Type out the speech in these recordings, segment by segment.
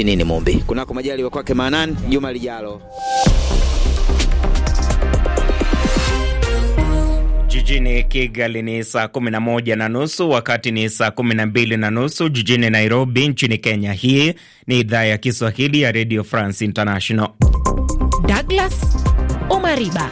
anaishi nini Mumbi. Kunako majaliwa kwake Manani juma lijalo. Jijini Kigali ni saa 11 na nusu, wakati ni saa 12 na nusu jijini Nairobi nchini Kenya. Hii ni idhaa ya Kiswahili ya Radio France International. Douglas Omariba,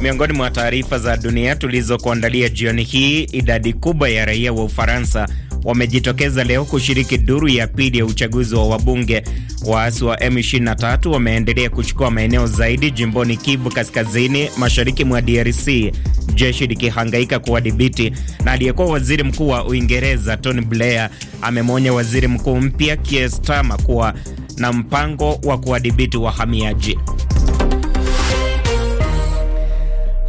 miongoni mwa taarifa za dunia tulizokuandalia jioni hii: idadi kubwa ya raia wa Ufaransa wamejitokeza leo kushiriki duru ya pili ya uchaguzi wa wabunge. Waasi wa M23 wameendelea kuchukua maeneo zaidi jimboni Kivu Kaskazini, mashariki mwa DRC, jeshi likihangaika kuwadhibiti. Na aliyekuwa waziri mkuu wa Uingereza Tony Blair amemwonya waziri mkuu mpya Keir Starmer kuwa na mpango wa kuwadhibiti wahamiaji.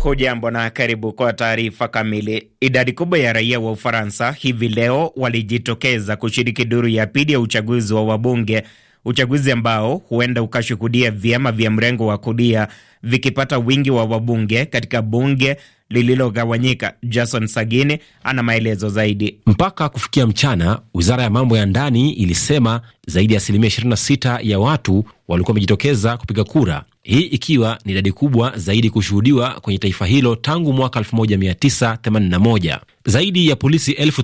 Hujambo na karibu kwa taarifa kamili. Idadi kubwa ya raia wa Ufaransa hivi leo walijitokeza kushiriki duru ya pili ya uchaguzi wa wabunge, uchaguzi ambao huenda ukashuhudia vyama vya mrengo wa kulia vikipata wingi wa wabunge katika bunge lililogawanyika. Jason Sagini ana maelezo zaidi. Mpaka kufikia mchana, wizara ya mambo ya ndani ilisema zaidi ya asilimia 26 ya watu walikuwa wamejitokeza kupiga kura, hii ikiwa ni idadi kubwa zaidi kushuhudiwa kwenye taifa hilo tangu mwaka 1981. Zaidi ya polisi elfu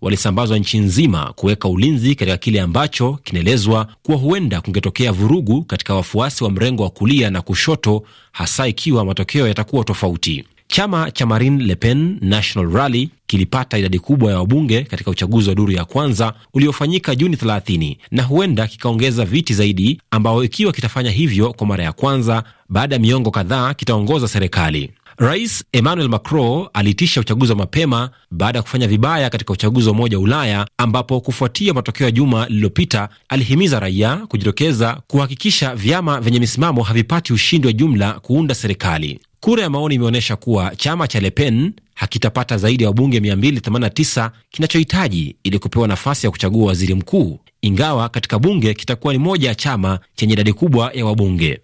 walisambazwa nchi nzima kuweka ulinzi katika kile ambacho kinaelezwa kuwa huenda kungetokea vurugu katika wafuasi wa mrengo wa kulia na kushoto, hasa ikiwa matokeo yatakuwa tofauti. Chama cha Marine Le Pen National Rally kilipata idadi kubwa ya wabunge katika uchaguzi wa duru ya kwanza uliofanyika Juni 30 na huenda kikaongeza viti zaidi, ambao ikiwa kitafanya hivyo kwa mara ya kwanza baada ya miongo kadhaa kitaongoza serikali. Rais Emmanuel Macron aliitisha uchaguzi wa mapema baada ya kufanya vibaya katika uchaguzi wa Umoja wa Ulaya, ambapo kufuatia matokeo ya juma lililopita, alihimiza raia kujitokeza kuhakikisha vyama vyenye misimamo havipati ushindi wa jumla kuunda serikali. Kura ya maoni imeonyesha kuwa chama cha lepen hakitapata zaidi ya wabunge 289 kinachohitaji ili kupewa nafasi ya kuchagua waziri mkuu, ingawa katika bunge kitakuwa ni moja ya chama chenye idadi kubwa ya wabunge.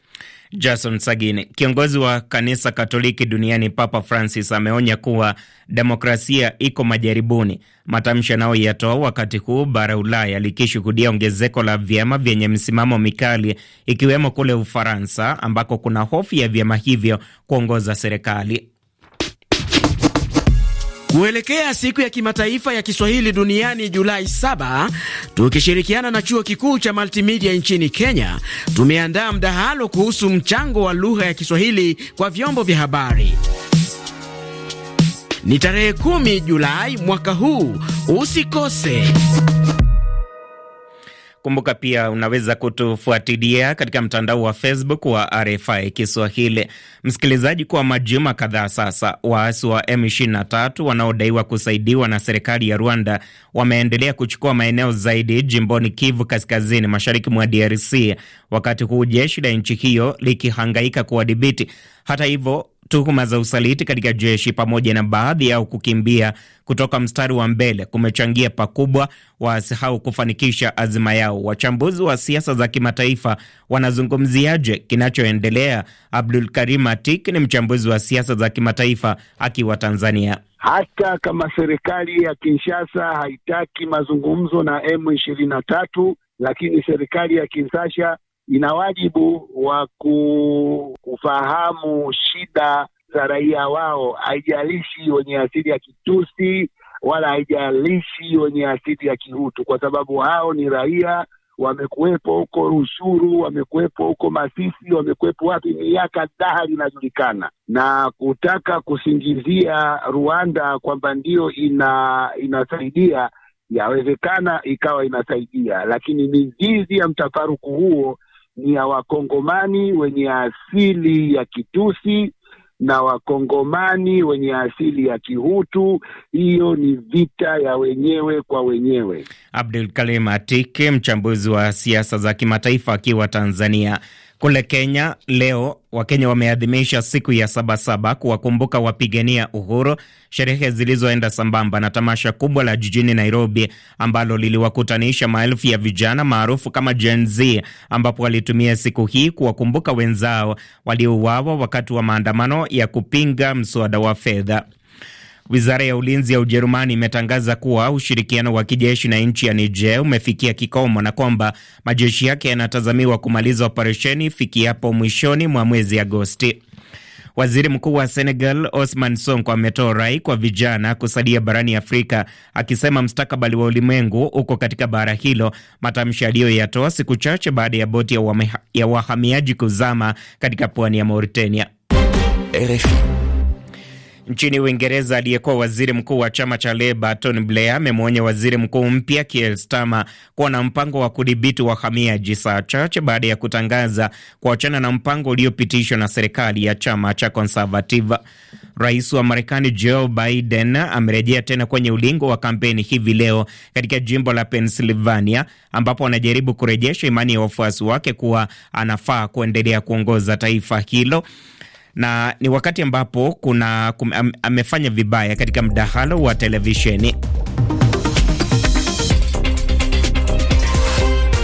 Jason Sagini. Kiongozi wa kanisa Katoliki duniani Papa Francis ameonya kuwa demokrasia iko majaribuni, matamshi anayoyatoa wakati huu bara Ulaya likishuhudia ongezeko la vyama vyenye msimamo mikali, ikiwemo kule Ufaransa ambako kuna hofu ya vyama hivyo kuongoza serikali. Kuelekea siku ya kimataifa ya Kiswahili duniani Julai 7, tukishirikiana na chuo kikuu cha Multimedia nchini Kenya, tumeandaa mdahalo kuhusu mchango wa lugha ya Kiswahili kwa vyombo vya habari. Ni tarehe 10 Julai mwaka huu, usikose. Kumbuka pia unaweza kutufuatilia katika mtandao wa Facebook wa RFI Kiswahili. Msikilizaji, kwa majuma kadhaa sasa, waasi wa M23 wanaodaiwa kusaidiwa na serikali ya Rwanda wameendelea kuchukua maeneo zaidi jimboni Kivu Kaskazini, mashariki mwa DRC, wakati huu jeshi la nchi hiyo likihangaika kuwadhibiti. Hata hivyo Tuhuma za usaliti katika jeshi pamoja na baadhi yao kukimbia kutoka mstari wa mbele kumechangia pakubwa waasi hao kufanikisha azima yao. Wachambuzi wa siasa za kimataifa wanazungumziaje kinachoendelea? Abdul Karim Atik ni mchambuzi wa siasa za kimataifa akiwa Tanzania. Hata kama serikali ya Kinshasa haitaki mazungumzo na M ishirini na tatu, lakini serikali ya Kinshasa ina wajibu wa kufahamu shida za raia wao, haijalishi wenye asili ya Kitusi wala haijalishi wenye asili ya Kihutu, kwa sababu hao ni raia, wamekuwepo huko Rushuru, wamekuwepo huko Masisi, wamekuwepo wapi, miaka daha linajulikana, Na kutaka kusingizia Rwanda kwamba ndio ina inasaidia, yawezekana ikawa inasaidia, lakini mizizi ya mtafaruku huo ni ya Wakongomani wenye asili ya Kitusi na Wakongomani wenye asili ya Kihutu. Hiyo ni vita ya wenyewe kwa wenyewe. Abdul Kalim Atike, mchambuzi wa siasa za kimataifa akiwa Tanzania. Kule Kenya leo Wakenya wameadhimisha siku ya Sabasaba kuwakumbuka wapigania uhuru, sherehe zilizoenda sambamba na tamasha kubwa la jijini Nairobi ambalo liliwakutanisha maelfu ya vijana maarufu kama Gen Z, ambapo walitumia siku hii kuwakumbuka wenzao waliouawa wakati wa maandamano ya kupinga mswada wa fedha. Wizara ya ulinzi ya Ujerumani imetangaza kuwa ushirikiano wa kijeshi na nchi ya Niger umefikia kikomo na kwamba majeshi yake yanatazamiwa kumaliza operesheni fikiapo mwishoni mwa mwezi Agosti. Waziri mkuu wa Senegal Osman Sonko ametoa rai kwa vijana kusalia barani Afrika, akisema mstakabali wa ulimwengu uko katika bara hilo, matamshi aliyoyatoa siku chache baada ya boti ya, ya wahamiaji kuzama katika pwani ya Mauritania. RFI. Nchini Uingereza, aliyekuwa waziri mkuu wa chama cha Leba Tony Blair amemwonya waziri mkuu mpya Keir Starmer kuwa na mpango wa kudhibiti wahamiaji saa chache baada ya kutangaza kuachana na mpango uliopitishwa na serikali ya chama cha Conservative. Rais wa Marekani Joe Biden amerejea tena kwenye ulingo wa kampeni hivi leo katika jimbo la Pennsylvania, ambapo anajaribu kurejesha imani ya wafuasi wake kuwa anafaa kuendelea kuongoza taifa hilo na ni wakati ambapo kuna kum, am, amefanya vibaya katika mdahalo wa televisheni.